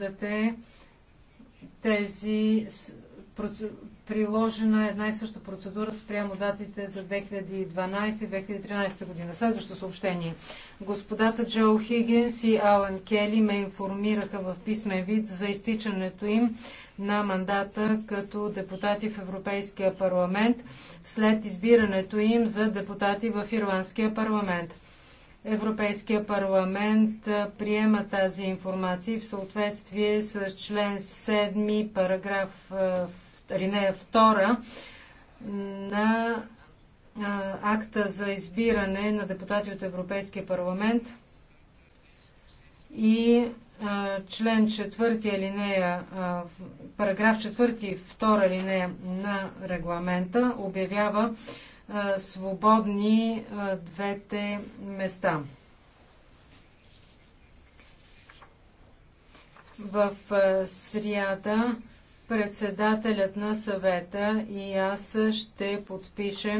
гледате тези приложена една и съща процедура спрямо датите за 2012-2013 година. Следващо съобщение. Господата Джо Хигинс и Алан Кели ме информираха в писмен вид за изтичането им на мандата като депутати в Европейския парламент след избирането им за депутати в Ирландския парламент. Европейския парламент приема тази информация в съответствие с член 7, параграф алинея 2 на акта за избиране на депутати от Европейския парламент и член 4 алинея, параграф 4 втора алинея на регламента обявява свободни двете места. В сряда председателят на съвета и аз ще подпишем